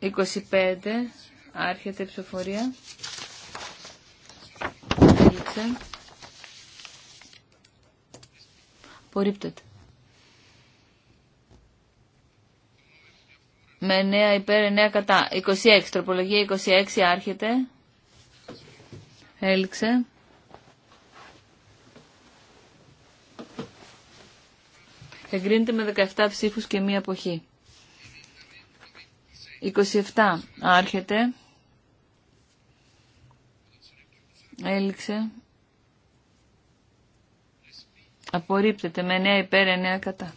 25 άρχεται η ψηφοφορία. Έληξε. Απορρίπτεται. Με 9 υπέρ 9 κατά. 26. Τροπολογία 26 άρχεται. Έληξε. Εγκρίνεται με 17 ψήφους και μία αποχή. 27 άρχεται. Έληξε. Απορρίπτεται με 9 υπέρ 9 κατά.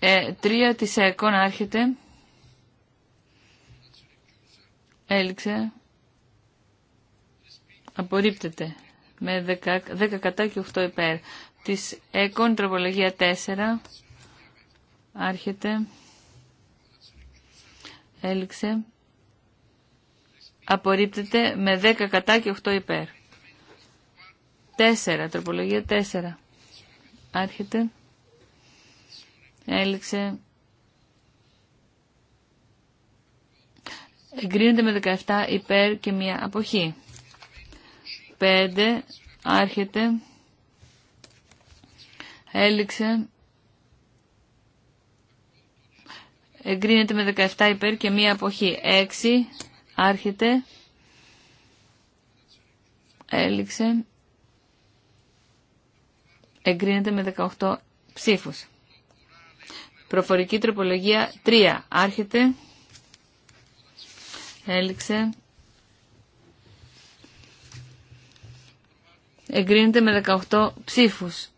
Ε, 3 της ΕΚΟΝ άρχεται. Έληξε. Απορρίπτεται με 10, 10 κατά και 8 υπέρ. Της ΕΚΟΝ τροπολογία 4 Άρχεται. Έληξε. Απορρίπτεται με 10 κατά και 8 υπέρ. Τέσσερα, Τροπολογία 4. Άρχεται. Έληξε. Εγκρίνεται με 17 υπέρ και μία αποχή. 5. Άρχεται. Έληξε. εγκρίνεται με 17 υπέρ και μία αποχή. 6 άρχεται, έληξε, εγκρίνεται με 18 ψήφους. Προφορική τροπολογία 3 άρχεται, έληξε, εγκρίνεται με 18 ψήφους.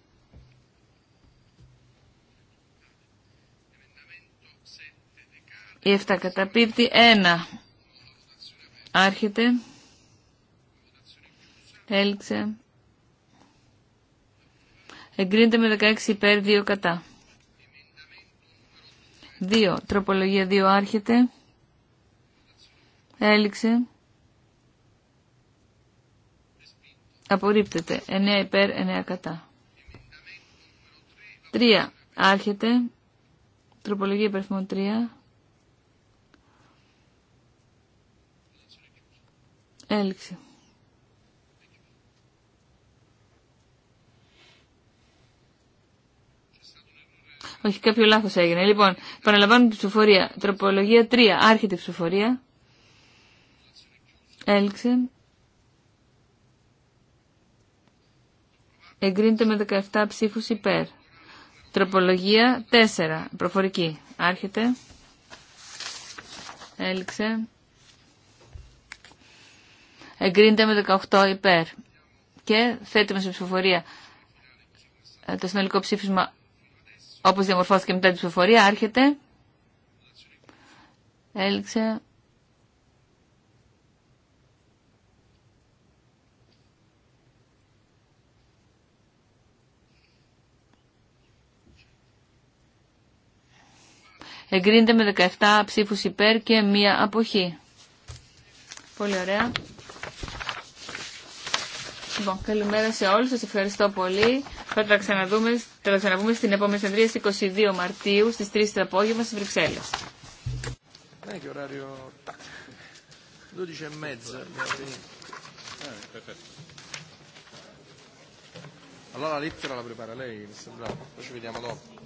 Η 7 καταπίπτει 1. Άρχεται. Έληξε. Εγκρίνεται με 16 υπέρ 2 κατά. 2. Τροπολογία 2 άρχεται. Έληξε. Απορρίπτεται. 9 υπέρ 9 κατά. 3. Άρχεται. Τροπολογία υπερθμών 3. Έλξη. Όχι, κάποιο λάθο έγινε. Λοιπόν, παραλαμβάνω την ψηφοφορία. Τροπολογία 3. Άρχεται η ψηφοφορία. Έλξε. Εγκρίνεται με 17 ψήφους υπέρ. Τροπολογία 4. Προφορική. Άρχεται. Έλξε εγκρίνεται με 18 υπέρ. Και θέτουμε σε ψηφοφορία ε, το συνολικό ψήφισμα όπως διαμορφώθηκε μετά την ψηφοφορία. Άρχεται. Έληξε. Εγκρίνεται με 17 ψήφους υπέρ και μία αποχή. Πολύ ωραία. Λοιπόν, καλημέρα σε όλους. Σας ευχαριστώ πολύ. Θα τα ξαναδούμε, θα τα ξαναβούμε στην επόμενη συνεδρία στις 22 Μαρτίου στις 3 το απόγευμα στις Βρυξέλλες. Ναι, και ωράριο... 12.30. Allora la lettera la prepara lei, mi sembra, poi ci vediamo dopo.